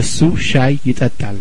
እሱ ሻይ ይጠጣል